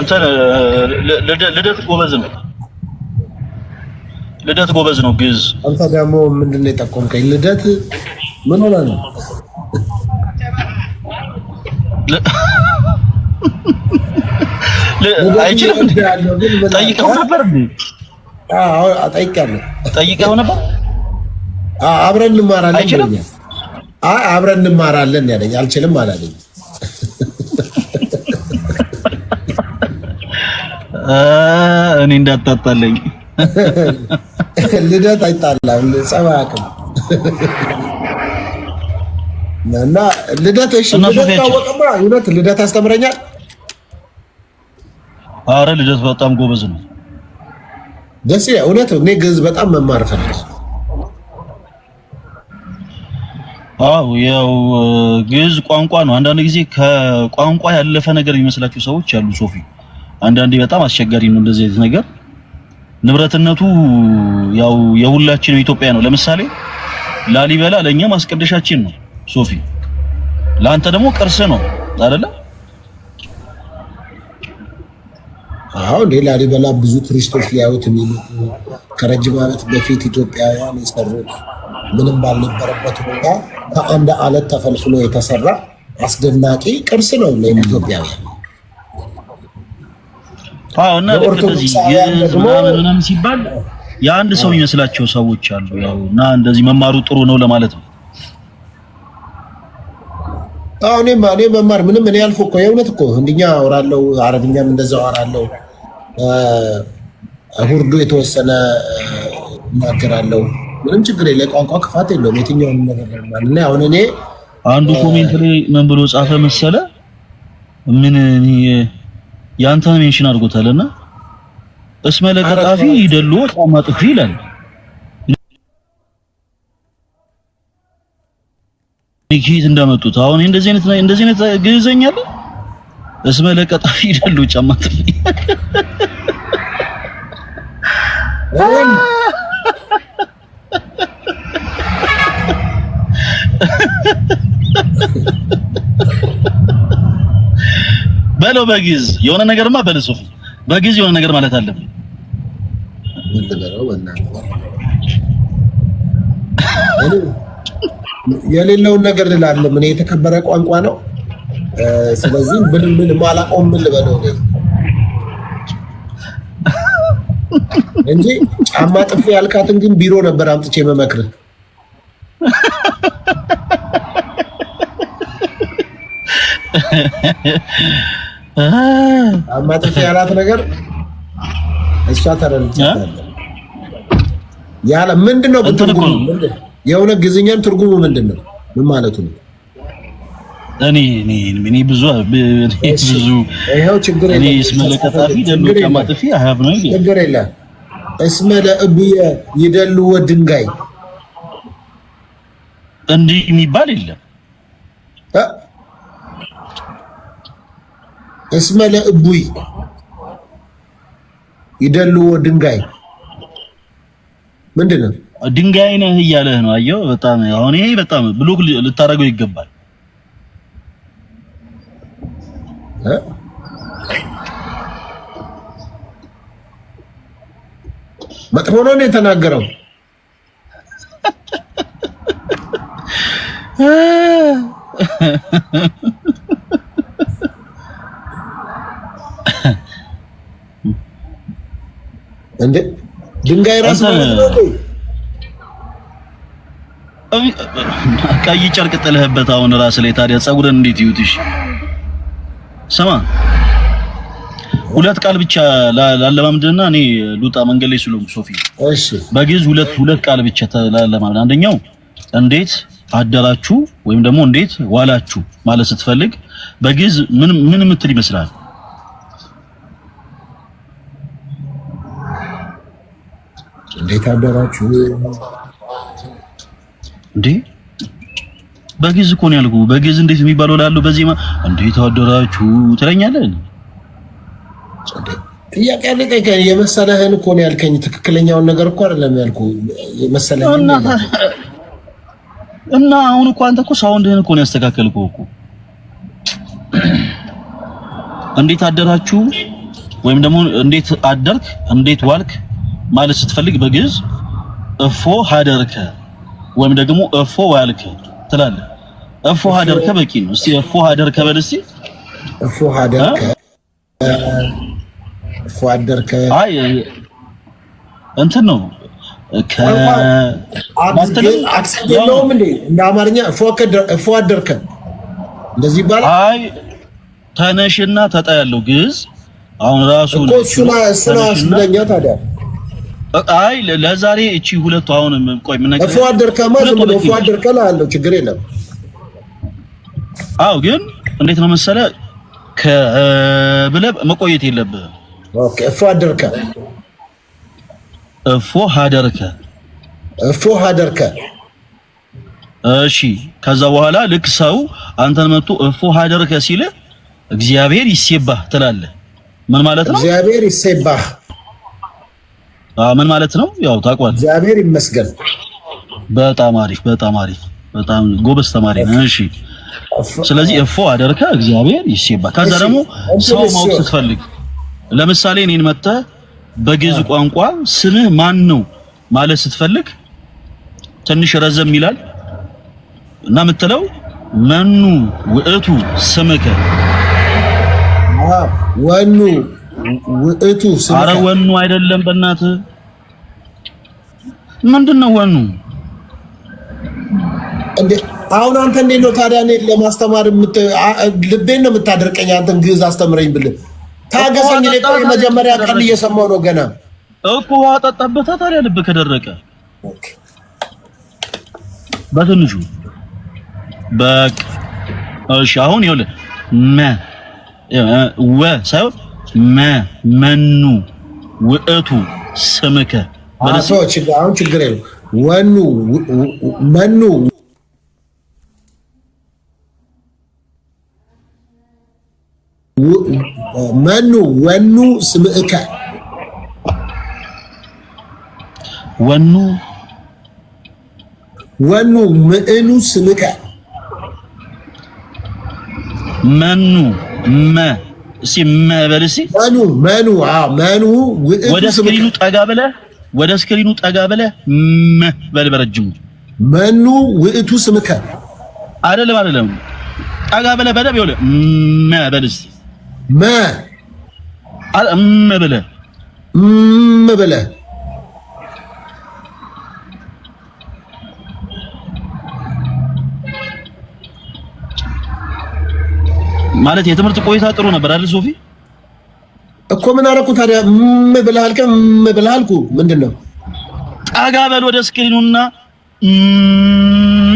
እንትን ልደት ጎበዝ ነው። ልደት ጎበዝ ነው። አንተ ደግሞ ምንድን ነው የጠቆምከኝ? ልደት ምን ሆነ ነው? ነበር። ነበር። አብረን እንማራለን። አይ አብረን እንማራለን ያለኝ አልችልም አላለኝ እኔ እንዳታጣለኝ። ልደት አይጣላም፣ ጸባይ አቅም እና ልደት እሺ፣ ልደት ታወቀማ። እውነት ልደት አስተምረኛል። አረ ልደት በጣም ጎበዝ ነው። ደስ ይላል። እውነት እኔ ግዕዝ በጣም መማር ፈልግ። አዎ ያው ግዕዝ ቋንቋ ነው። አንዳንድ ጊዜ ከቋንቋ ያለፈ ነገር የሚመስላቸው ሰዎች አሉ ሶፊ አንዳንዴ በጣም አስቸጋሪ ነው እንደዚህ አይነት ነገር። ንብረትነቱ ያው የሁላችንም ኢትዮጵያ ነው። ለምሳሌ ላሊበላ ለኛ ማስቀደሻችን ነው ሶፊ፣ ለአንተ ደግሞ ቅርስ ነው አይደለ? አዎ እንዴ ላሊበላ ብዙ ቱሪስቶች ሊያዩት የሚመጡ ከረጅም ዓመት በፊት ኢትዮጵያውያን የሰሩት ምንም ባልነበረበት ሁኔታ ከአንድ አለት ተፈልፍሎ የተሰራ አስደናቂ ቅርስ ነው ለኢትዮጵያውያን። እና ምናምን ሲባል የአንድ ሰው የሚመስላቸው ሰዎች አሉ። ያው እና እንደዚህ መማሩ ጥሩ ነው ለማለት ነው። አዎ እኔማ እኔ መማር ምንም እኔ አልፎ እኮ የእውነት እኮ ህንድኛ አወራለሁ፣ አረብኛም እንደዛው አወራለሁ፣ ሁርዱ የተወሰነ እናገራለሁ። ምንም ችግር የለ፣ ቋንቋ ክፋት የለውም። የትኛውን ነገር ማለት አሁን እኔ አንዱ ኮሜንት ላይ ምን ብሎ ጻፈ መሰለ ምን ያንተን ሜንሽን አድርጎታልና እስመ ለቀጣፊ ይደሉ ጫማ ጥፊ ይላል። ኬት እንዳመጡት አሁን እንደዚህ አይነት እንደዚህ አይነት ግዕዘኛ አለ። እስመ ለቀጣፊ ይደሉ ጫማ ጥፊ በለው በጊዝ የሆነ ነገርማ በል ሱፊ በጊዝ የሆነ ነገር ማለት አለብን። የሌለውን ነገር ልላለም ምን የተከበረ ቋንቋ ነው። ስለዚህ ምን ምን ማላቆም ምን ልበለው ነው እንጂ ጫማ ጥፍ ያልካትን ግን ቢሮ ነበር አምጥቼ መመክርህ። አማጥፊ ያላት ነገር እሷ ተረድቻታለሁ። ያለ ምንድን ነው ትርጉሙ? የሆነ ግዝኛም ትርጉሙ ምንድን ነው? ምን ማለቱ ነው? እኔ እኔ እኔ ብዙ ብዙ ይሄው ችግር የለም። እስመ ለቀጣፊ ይደሉ ከማጥፊ አሃብ ነው ይላል። ችግር የለም። እስመ ለእብየ ይደሉ ወድንጋይ እንዲህ የሚባል የለም። እስመለ እቡይ ይደልዎ ድንጋይ ምንድን ነው? ድንጋይ ነህ እያለህ ነው። አየው፣ በጣም አሁን ይሄ በጣም ብሎክ ልታደርገው ይገባል። መጥፎ ነው ነው የተናገረው። እንዴ ድንጋይ ራስ ቀይ ጨርቅ ጥለህበት አሁን ራስ ላይ ታዲያ ፀጉርን እንዴት ይዩትሽ? ስማ ሁለት ቃል ብቻ ላለማምድና እኔ ሉጣ መንገድ ላይ ስለሆንኩ ሶፊ፣ እሺ በግዕዝ ሁለት ሁለት ቃል ብቻ ላለማምድ፣ አንደኛው እንዴት አደራችሁ ወይም ደግሞ እንዴት ዋላችሁ ማለት ስትፈልግ በግዕዝ ምን ምን የምትል ይመስላል? እንዴት አደራችሁ? እንዴ በግዕዝ እኮ ነው ያልኩህ። በግዕዝ እንዴት የሚባለው ላለው በዜማ እንዴት አደራችሁ ትለኛለህ። ጥያቄ ያለ የመሰለህን እኮ ነው ያልከኝ። ትክክለኛውን ነገር እኮ አይደለም ያልኩህ። የመሰለህን እና አሁን እኮ አንተ እኮ ሳውንድህን እኮ ነው ያስተካከልኩ እኮ። እንዴት አደራችሁ ወይም ደግሞ እንዴት አደርክ፣ እንዴት ዋልክ ማለት ስትፈልግ በግዕዝ እፎ ሀደርከ ወይም ደግሞ እፎ ዋልከ ትላለህ። እፎ ሀደርከ በቂ ነው። እስቲ እፎ ሀደርከ በል እስቲ እፎ ሀደርከ እፎ ሀደርከ አይ እንትን ነው ከ አክሰንት የለውም እንዴ? እንደ አማርኛ እፎ አደርከ እንደዚህ ይባላል። አይ ተነሽና ተጣ ያለው ግዕዝ አሁን ራሱ እኮ እሱ ነው ነው ታዲያ አይ ለዛሬ እቺ ሁለቱ አሁን ቆይ ምን ነገር ፎአድ ደርካማ ነው። ፎአድ ካላ አለው ችግር የለም። አው ግን እንዴት ነው መሰለ ከብለህ መቆየት የለብህም። ኦኬ እፎ ካ እፎ ሀደርከ እፎ ሀደርከ እሺ። ከዛ በኋላ ልክ ሰው አንተን መጥቶ እፎ ሀደርከ ሲልህ እግዚአብሔር ይሴባህ ትላለህ። ምን ማለት ነው? እግዚአብሔር ይሴባህ ምን ማለት ነው? ያው ታቋል። እግዚአብሔር ይመስገን። በጣም አሪፍ፣ በጣም አሪፍ፣ በጣም ጎበዝ ተማሪ ነው። እሺ ስለዚህ እፎ አደርከ እግዚአብሔር ይስባ። ከዛ ደግሞ ሰው ማወቅ ስትፈልግ ለምሳሌ እኔን መጥተህ በግዕዝ ቋንቋ ስምህ ማን ነው ማለት ስትፈልግ ትንሽ ረዘም ይላል እና የምትለው መኑ ውእቱ ስምከ ወኑ እቱ አረ ወኑ አይደለም። በእናት ምንድን ነው ወኑ? አሁን አንተ እንዴት ነው ታዲያ እኔ ለማስተማር ልቤን ነው የምታደርቀኝ? አንተን ግዕዝ አስተምረኝ ብልህ ታገሰኝ። እኔ መጀመሪያ ቀን እየሰማው ነው ገና እኮ ውሃ ጠጣበታ። ታዲያ ልብ ከደረቀ በትንሹ በቃ እሺ። አሁን ይኸውልህ መ ወ ሳይሆን መ መኑ ውእቱ ስምከ አሁን ችግር የለው። ወኑ መኑ መኑ ወኑ ስምእከ ወኑ ወኑ ምእኑ ስምከ መኑ መ እስኪ መበል እስኪ መኑ ወደ ስክሪኑ ጠጋ ብለህ ወደ ስክሪኑ ጠጋ ብለህ መበል በረጅሙ መኑ ውእቱ ስምከ አይደለም አይደለም ጠጋ ብለህ በደምብ ይኸውልህ መበል እስኪ መ አረ መበለ መበለ ማለት የትምህርት ቆይታ ጥሩ ነበር አይደል ሶፊ? እኮ ምን አደረኩ ታዲያ? ም ብለሃል ከ ም ብለሃልኩ ምንድን ነው? ጠጋ በል ወደ ስክሪኑና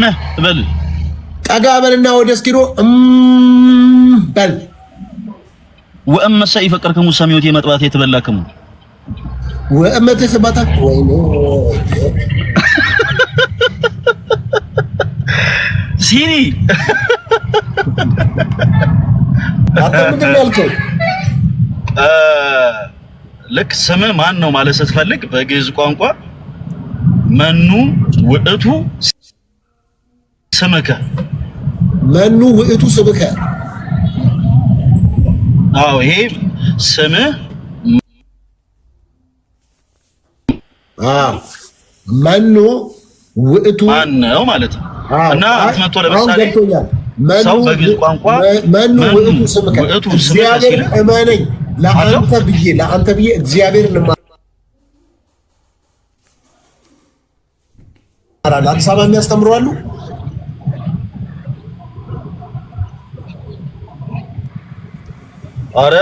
ም በል ጠጋ በልና ወደ ስክሪኑ እም በል ወእመሰ ይፈቅርከሙ ሰሚዮት የመጥባት የተበላከሙ ወእመተ ተሰባታ ወይ ሲኒ ልክ ስም ማን ነው ማለት ስትፈልግ በግዕዝ ቋንቋ መኑ ውእቱ ስምከ፣ መኑ ውእቱ ስምከ። አዎ ይሄ ስምህ መኑ ውእቱ ማን ነው ማለት ነው። እና አትመቶ ለምሳሌ ሰው በግዕዝ ቋንቋ መኑ ውእቱ ስምከ እግዚአብሔር እመነኝ ለአንተ ብዬ ለአንተ ብዬ እግዚአብሔር ልማ አዲስ አበባ የሚያስተምሩ አሉ። አረ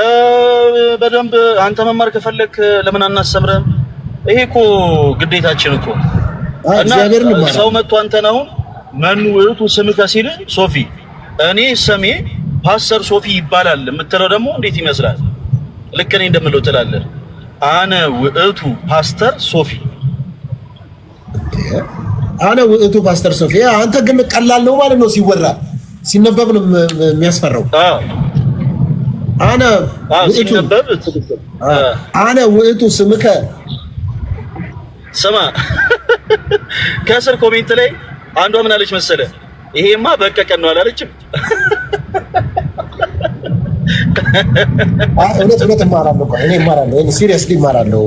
በደንብ አንተ መማር ከፈለክ ለምን አናስተምረም? ይሄ እኮ ግዴታችን እኮ እና ሰው መጥቶ አንተ አሁን መኑ ውእቱ ስምከ ሲል ሶፊ፣ እኔ ስሜ ፓስተር ሶፊ ይባላል የምትለው ደግሞ እንዴት ይመስላል? ልክ እኔ እንደምለው ትላለህ። አነ ውእቱ ፓስተር ሶፊ፣ አነ ውእቱ ፓስተር ሶፊ። አንተ ግን ቀላል ነው ማለት ነው። ሲወራ ሲነበብ ነው የሚያስፈራው። አነ ውእቱ ስምከ ስማ፣ ከስር ኮሜንት ላይ አንዷ ምን አለች መሰለ፣ ይሄማ በቀቀን ነው አላለችም። እውነት እውነት እማራለሁ እኔ እማራለሁ፣ እኔ ሲሪየስሊ እማራለሁ።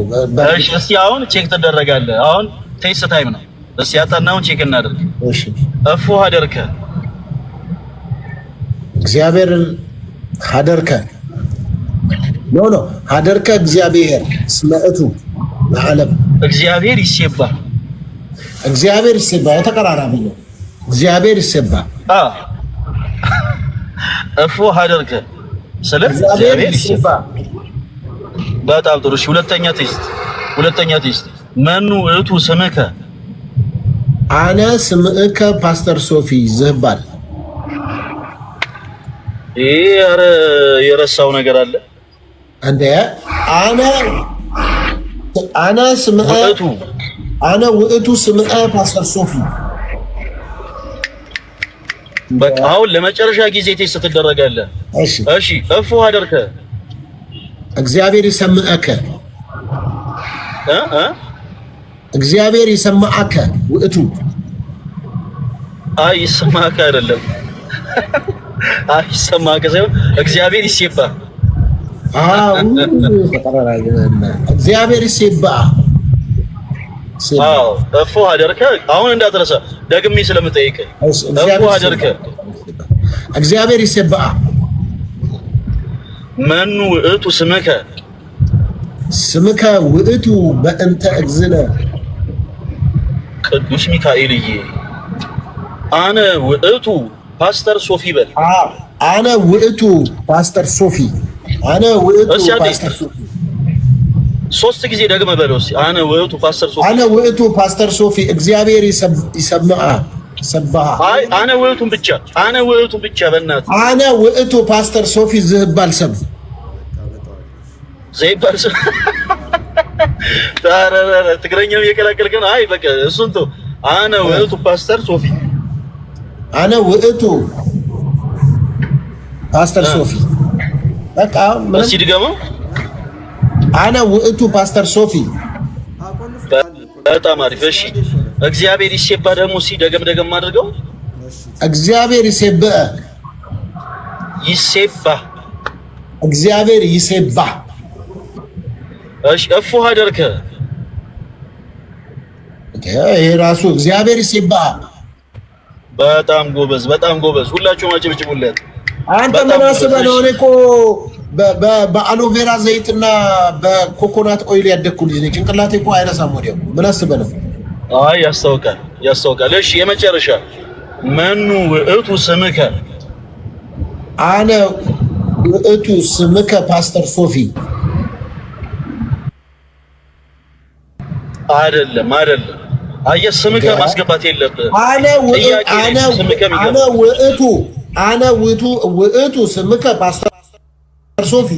እሺ፣ እስቲ አሁን ቼክ ትደረጋለህ። አሁን ቴስት ታይም ነው። እስቲ ያጠናውን ቼክ እናደርግ። እሺ፣ እፎ ሀደርከ እግዚአብሔር ሀደርከ ኖ ኖ ሀደርከ እግዚአብሔር ስመእቱ ለዓለም እግዚአብሔር ይሴባል እግዚአብሔር ይሰባ የተቀራራቢ ነው። እግዚአብሔር ይሰባ እፎ አደርገ ስለ እግዚአብሔር ይሰባ። በጣም ጥሩ ሁለተኛ ቴስት ሁለተኛ ቴስት መኑ ስምከ አነ ስምእከ ፓስተር ሶፊ ዘባል። ይሄ ኧረ የረሳው ነገር አለ እንደ አነ አነ ስምእቱ አነ ውእቱ ስምዐ ፓስተር ሶፊ በቃ አሁን ለመጨረሻ ጊዜ ቴስት ትደረጋለህ። እሺ እሺ። እፎ አደርከ እግዚአብሔር ይሰምዐከ እ እ እግዚአብሔር ይሰምዐከ ውእቱ። አይ ይሰማከ አይደለም። አይ ይሰማከ ሳይሆን እግዚአብሔር ይሴባ። አዎ እግዚአብሔር ይሴባ አዎ እፎ አደርከ አሁን እንዳትረሳ ደግሜ ስለምጠይቅ እፎ አደርከ እግዚአብሔር ይሰብአ መኑ ውእቱ ስምከ ስምከ ውእቱ በእንተ እግዝነ ቅዱስ ሚካኤልዬ አነ ውእቱ ፓስተር ሶፊ በል አነ ውእቱ ፓስተር ሶፊ አነ ውእቱ ፓስተር ሶፊ ሶስት ጊዜ ደግመ በለው አነ ውእቱ ፓስተር ሶፊ አነ ውእቱ ፓስተር ሶፊ እግዚአብሔር ይሰማ ይሰማዓ። አይ አነ ውእቱን ብቻ አነ ውእቱ ብቻ በእናት አነ ውእቱ ፓስተር ሶፊ ዝህባል ሰብ ዘይባል ሰብ ታራራ ትግረኛም እየቀላቀልክ ነው። አይ በቃ እሱን ተው። አነ ውእቱ ፓስተር ሶፊ አነ ውእቱ ፓስተር ሶፊ በቃ ምን እስኪ አነ ውእቱ ፓስተር ሶፊ በጣም አሪፍ። እሺ እግዚአብሔር ይሴባ ደግሞ ሲ ደገም ደገም አድርገው እግዚአብሔር ይሴባ ይሴባ እግዚአብሔር ይሴባ። እሺ እፉ አደርከ ይሄ ራሱ እግዚአብሔር ይሴባ። በጣም ጎበዝ፣ በጣም ጎበዝ። ሁላችሁም አጭብጭቡለት አንተ ምን አስበህ ነው? እኔ እኮ በአሎቬራ ዘይትና በኮኮናት ኦይል ያደግኩ ልጅ ነኝ። ጭንቅላቴ እኮ አይረሳም። ወዲያው ምን አስበህ ነው? አይ ያስታውቃል፣ ያስታውቃል። እሺ የመጨረሻ መኑ ውእቱ ስምከ? አነ ውእቱ ስምከ ፓስተር ሶፊ። አይደለም፣ አይደለም። አየህ ስምከ ማስገባት የለብህም። አነ ውእቱ አነ ውእቱ ውእቱ ስምከ ፓስተር ሶፊ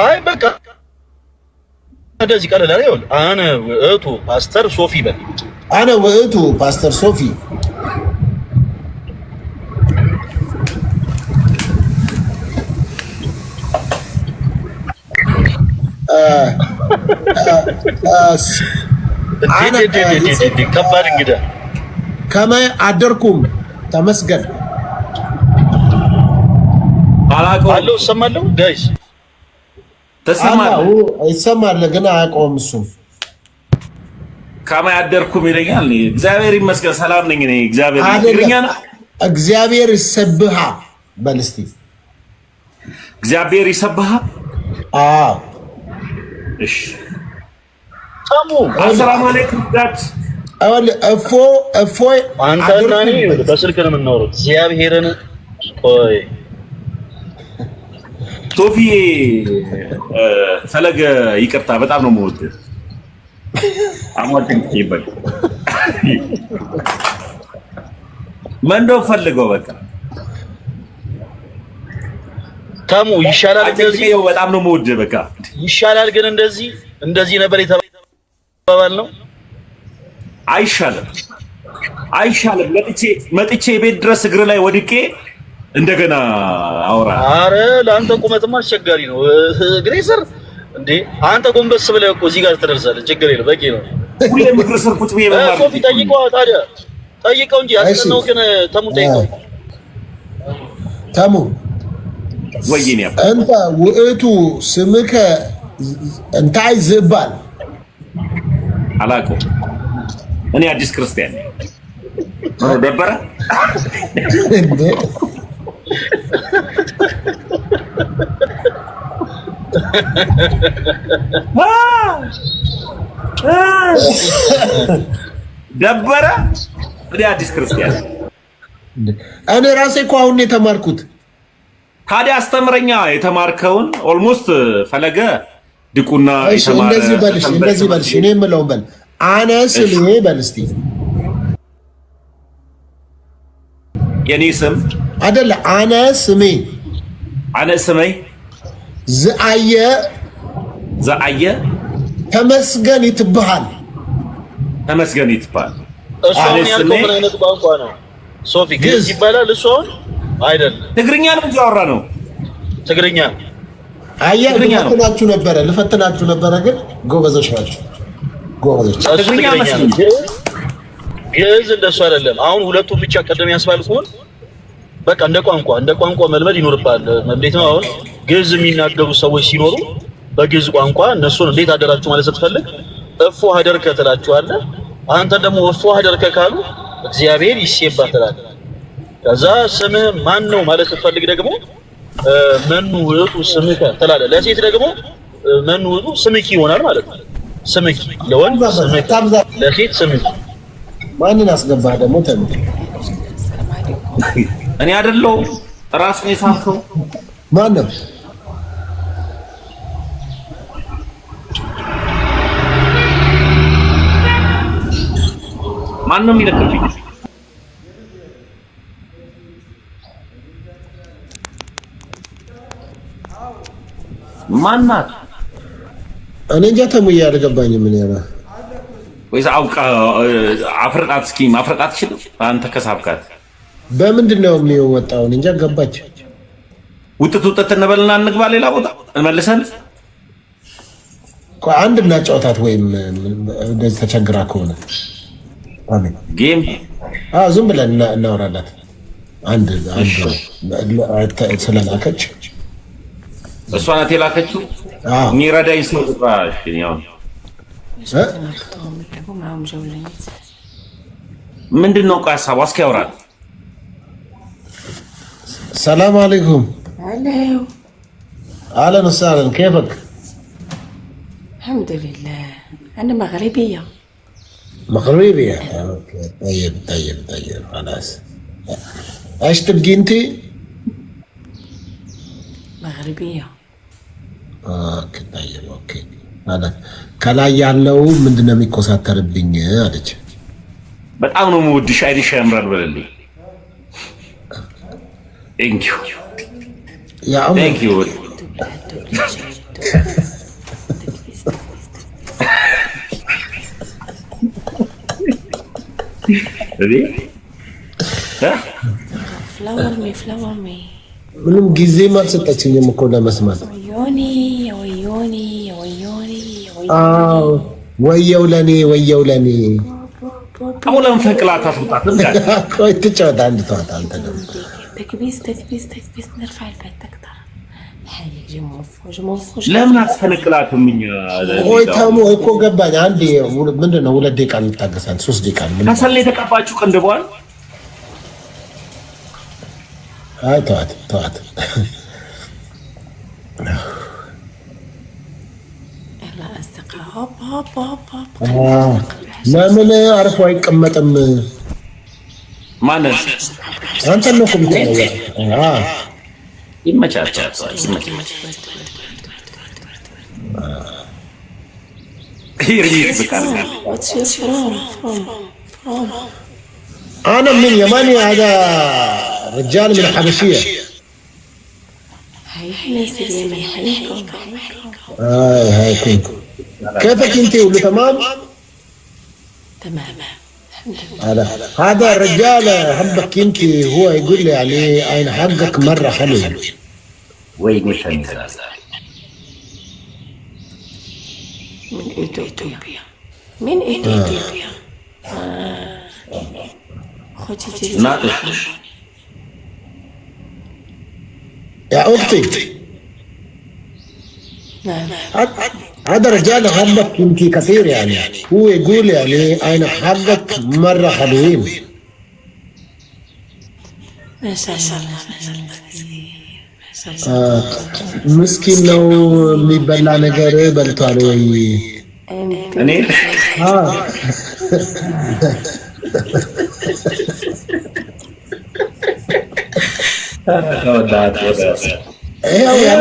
አይ በቃ እንደዚህ ቀለል አለ። ይኸውልህ አነ ውእቱ ፓስተር ሶፊ በል አነ ውእቱ ፓስተር ሶፊ ከባድ እንግዳ ከመ አደርኩም ተመስገን አላውቀውም። እሰማለሁ ጋይስ ይሰማል ግን አያውቀውም። እሱ ከማን ያደርኩም ይለኛል። እግዚአብሔር ይመስገን ሰላም ነኝ። እግዚአብሔር እግዚአብሔር ይሰብሃ በል እስኪ እግዚአብሔር ይሰብሃ። እሺ አሰላሙ አለይኩም ጋት እፎ እፎይ አንተና እኔ በስልክ ነው የምናወሩት። እግዚአብሔርን ቆይ ቶፊ ፈለገ ይቅርታ፣ በጣም ነው የምወደው። አሟጭን ይበል መንዶ ፈልገው በቃ ተሙ ይሻላል። እንደዚህ ነው በጣም ነው የምወደው። በቃ ይሻላል። ግን እንደዚህ እንደዚህ ነበር የተባባል ነው። አይሻልም፣ አይሻልም። መጥቼ መጥቼ ቤት ድረስ እግር ላይ ወድቄ እንደገና አውራ። አረ ለአንተ ቁመትማ አስቸጋሪ ነው። ግሬሰር። እንዴ አንተ ጎንበስ ብለህ እኮ እዚህ ጋር ትደርሳለህ። ችግር የለም በቂ ነው። ሁሌም ግሬሰር ቁጭ ብዬ መማር ነው። ጠይቀው ታዲያ ጠይቀው እንጂ አስነው። ግን ተሙ ጠይቀው። ተሙ ወይኔ አንተ ውእቱ ስምከ እንታይ ዝባል አላውቀውም። እኔ አዲስ ክርስቲያን ነው ደበረ ደበረ። እኔ አዲስ ክርስቲያን እኔ ራሴ እኮ አሁን የተማርኩት። ታዲያ አስተምረኛ የተማርከውን ኦልሞስት ፈለገ ድቁና እንደዚህ በልሽ፣ እንደዚህ በልሽ። እኔ የምለውን በል አነ ስሜ በል እስኪ የኔ ስም አደለ አነ ስሜ አነ ስሜ ዘአየ ዘአየ ተመስገን ይትበሃል ተመስገን ይትበሃል። እሱን ያልከው ምን አይነት ቋንቋ ነው? ሶፊ ግዕዝ ይባላል። እሱን አይደለም ትግርኛ ነው እንጂ አወራ ነው ትግርኛ። አየ ልፈትናችሁ ነበረ ልፈትናችሁ ነበረ፣ ግን ጎበዞች ናቸው ጎበዞች። ትግርኛ መስሎኝ ግዕዝ እንደሱ አይደለም። አሁን ሁለቱን ብቻ ቀደም ያስባልኩን በቃ እንደ ቋንቋ እንደ ቋንቋ መልመድ ይኖርባል። እንዴት ነው አሁን ግዕዝ የሚናገሩ ሰዎች ሲኖሩ በግዕዝ ቋንቋ እነሱን እንዴት አደራችሁ ማለት ስትፈልግ እፎ ሀደርከ ትላችኋለህ። አንተ ደግሞ እፎ አደርከ ካሉ እግዚአብሔር ይሴባ ትላለህ። ከዛ ስምህ ማን ነው ማለት ስትፈልግ ደግሞ መኑ ውእቱ ስምከ ትላለህ። ለሴት ደግሞ መኑ ውእቱ ስምኪ ይሆናል ማለት ነው። ስምኪ ለወንድ ስምክ፣ ለሴት ስምኪ። ማንን አስገባህ ደግሞ ተብሎ እኔ አይደለሁም ራስን የሳተው ማነው? ማነው የሚለቅብኝ? ማናት? እኔ እንጃ ተሙዬ አልገባኝም። ምን ያለ ወይስ አውቃ አፍርቃት፣ እስኪ ማፍረቃት ትችል አንተ ከሳብካት በምንድን ነው የሚወጣውን? እንጃ ገባች። ውጥት ውጥት እንበልና እንግባ ሌላ ቦታ መልሰን አንድ እናጫወታት ወይም እንደዚህ ተቸግራ ከሆነ ጌም ዝም ብለን እናወራላት። አንድ ስለላከች እሷ ናት የላከችው። የሚረዳኝ ሰው ምንድን ነው? እቃ ሀሳቧ እስኪ ያውራት السلام عليكم هلا اهلا وسهلا كيفك؟ الحمد لله انا مغربيه مغربيه طيب طيب طيب خلاص ايش تبقي انت؟ مغربيه اوكي طيب ኦኬ ማለት ከላይ ያለው ምንድነው የሚቆሳተርብኝ አለች። በጣም ነው የምወድሽ፣ አይንሽ ያምራል በለልኝ ምንም ጊዜ አልሰጠችኝም እኮ ለመስማት። ወየው ለኔ ወየው ለኔ አሁን ፈቅላ ታስወጣት። ቆይ ትጫወታ አንድ ተዋት አንተ ደግሞ ተክቢስ ተክቢስ ተክቢስ ነርፋ ይልበት ለምን አስፈነቅላትም? ወይ ተሙ እኮ ገባኝ። አንድ ምንድን ነው ሁለት ደቂቃ የሚታገሳል ሶስት ደቂቃ ከሰል የተቀባችሁ ቅንድቧል። አይ ተዋት ተዋት። ለምን አርፎ አይቀመጥም? ማንን አንተ ነው ኮሚቴ ነው አ ይመቻቻል ይመቻቻል أنا من يماني هذا رجال من الحبشية هاي هاي كيفك انت ولا تمام؟ تمام هذا هذا الرجال حبك انت هو يقول لي عليه اين حقك مره حلو وين حميد من اثيوبيا من اثيوبيا آه. ما يا اختي هذا الرجال حبك انت كثير يعني هو يقول يعني انا حبك مره حلوين ما شاء الله مسكين ها የሚበላ ነገር በልቷል ወይ? እኔ አዎ ያው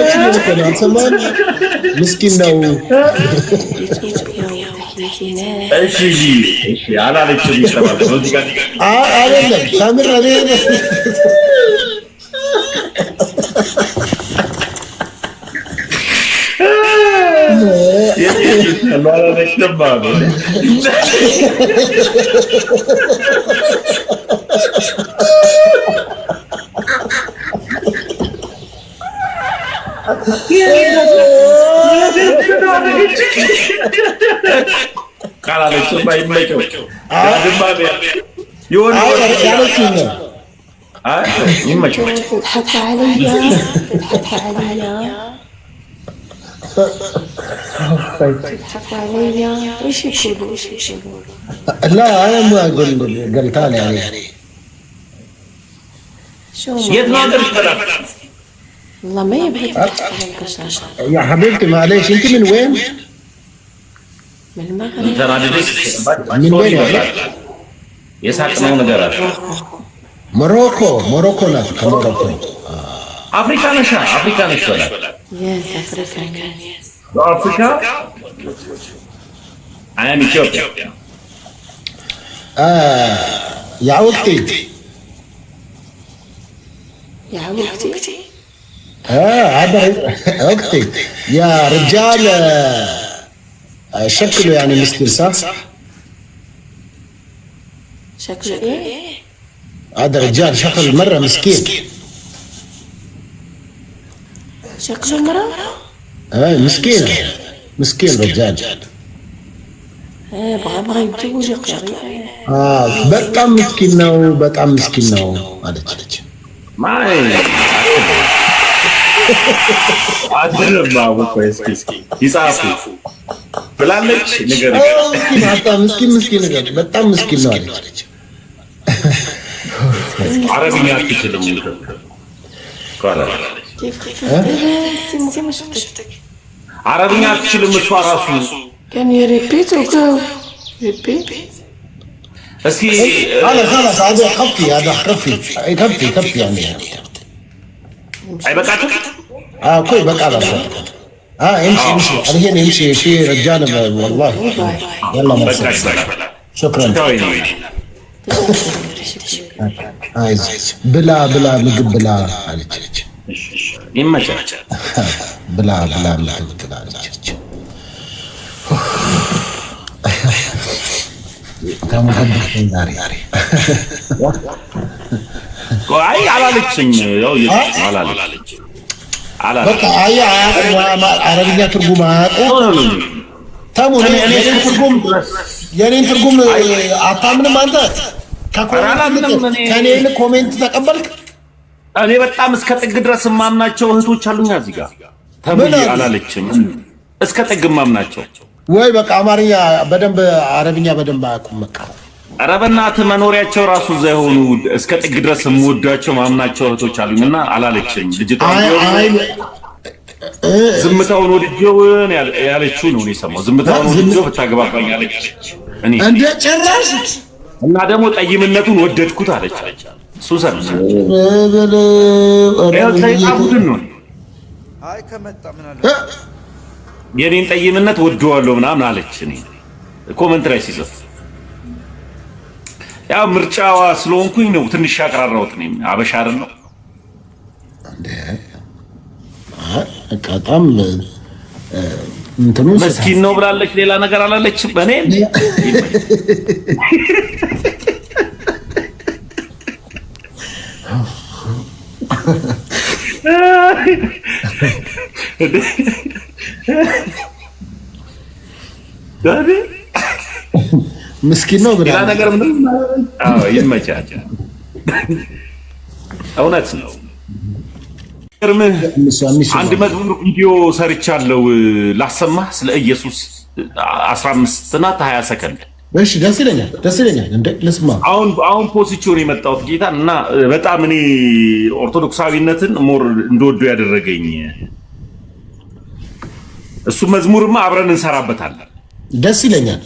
ምስኪን ነው። አይደለም ታምር Caralho, isso vai, Michael. Ah, de Barbie. E o ano da Galatina. Ah, e Michael. تضحك عليا تضحك عليا تضحك عليا وش يقولوا وش يقولوا لا انا ما اقول قلتها يعني شو يد ما قلت والله ما يبغي أه؟ أه؟ يا حبيبتي معليش انت من وين؟ من المغرب من وين؟ يسحق ነው ነገራት ሞሮኮ ሞሮኮ ናት። ከሞሮኮ يس ነሻ يس ነሽ በላት አፍሪካ አያም ኢትዮጵያ يا وقتي يا وقتي اه هذا اختي يا رجال آه، شكله يعني مستر صح؟ شكله ايه؟ هذا رجال شكل مره مسكين شكله مره؟ ايه مسكين مسكين رجال ايه بغى يبغى يجيبوا اه بطعم مسكين بطعم مسكين ما አድርም አቡኮ እስኪ እስኪ ይጻፉ ብላለች። ንገር በጣም ምስኪን ምስኪን ነገር በጣም ምስኪን ነው አለች። አረብኛ አትችልም አረብኛ አትችልም እሷ ራሱ እስኪ አይበቃትም እኮ ብላ ብላ ምግብ ብላ አለች። ብላ ብላ ምግብ ብላ አለች። ዛሬ አይ አላለችኝ። ያው አላለች አላለች። አይ አረብኛ ትርጉም አያውቁም። ተሙ ትርጉም የኔን ትርጉም አታምንም አንተ። ከኔ ኮሜንት ተቀበልክ። እኔ በጣም እስከ ጥግ ድረስ የማምናቸው እህቶች አሉኛ እዚህ ጋር ተሙ አላለችኝ። እስከ ጥግ የማምናቸው ወይ በቃ አማርኛ በደንብ አረብኛ በደንብ አያውቁም በቃ ኧረ በእናትህ መኖሪያቸው ራሱ እዛ የሆኑ እስከ ጥግ ድረስ የምወዳቸው ማምናቸው እህቶች አሉኝ እና አላለችኝ። ልጅቷ ዝምታውን ወድጄው ያለችው ነው የሰማሁት። ዝምታውን ወድጄው ብታገባባኝ አለች። እንደ ጭራሽ እና ደግሞ ጠይምነቱን ወደድኩት አለች። ሱሰን ቡድን ነው የኔን ጠይምነት ወደዋለሁ ምናምን አለች። እኔ ኮመንት ላይ ሲጽፍ ያ ምርጫዋ ስለሆንኩኝ ነው ትንሽ ያቀራረውት እኔም አበሻ አይደለሁ በጣም መስኪን ነው ብላለች። ሌላ ነገር አላለች። እኔ ዳዴ ምስኪን ነው ብላ ነገር ምንም ይመቻቻል። እውነት ነው። አንድ መዝሙር ቪዲዮ ሰርቻለሁ ላሰማህ ስለ ኢየሱስ 15 እና 20 ሰከንድ። እሺ ደስ ይለኛል፣ ደስ ይለኛል። እንደ ልስማ አሁን አሁን ፖዚቲቭ የመጣሁት ጌታ እና በጣም እኔ ኦርቶዶክሳዊነትን ሞር እንደወደው ያደረገኝ እሱ መዝሙርማ አብረን እንሰራበታለን። ደስ ይለኛል።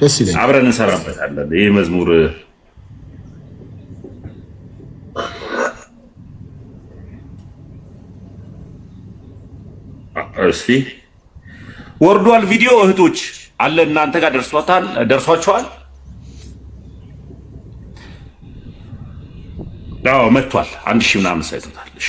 ደስ ይለኛል። አብረን እንሰራበታለን። ይህ መዝሙር እስቲ ወርዷል። ቪዲዮ እህቶች አለ እናንተ ጋር ደርሷታል፣ ደርሷችኋል? አዎ መጥቷል። አንድ ሺህ ምናምን ሳይቶታል። እሺ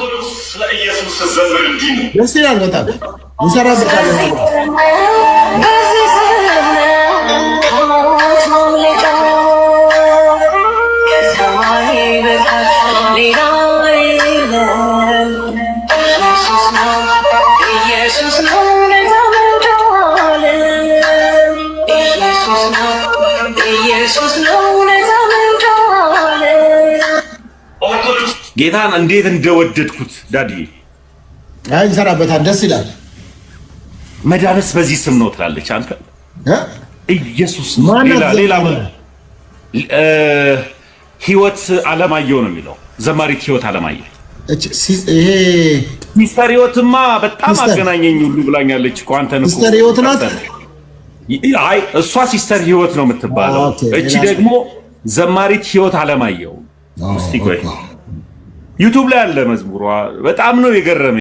ስትዘምር ደስ ይላል በጣም ይሰራበታል። ጌታን እንዴት እንደወደድኩት ዳድዬ አይ ይሰራበታል፣ ደስ ይላል። መዳረስ በዚህ ስም ነው ትላለች። አንተ ኢየሱስ ሌላ ሌላ ህይወት አለማየሁ ነው የሚለው ዘማሪት ህይወት አለማየሁ። ይሄ ሚስተር ህይወትማ በጣም አገናኘኝ ሁሉ ብላኛለች እኮ አንተን እኮ ሚስተር ህይወት ናት። አይ እሷ ሲስተር ህይወት ነው የምትባለው። እቺ ደግሞ ዘማሪት ህይወት አለማየሁ። እስቲ ቆይ ዩቱብ ላይ አለ መዝሙሯ። በጣም ነው የገረመኝ።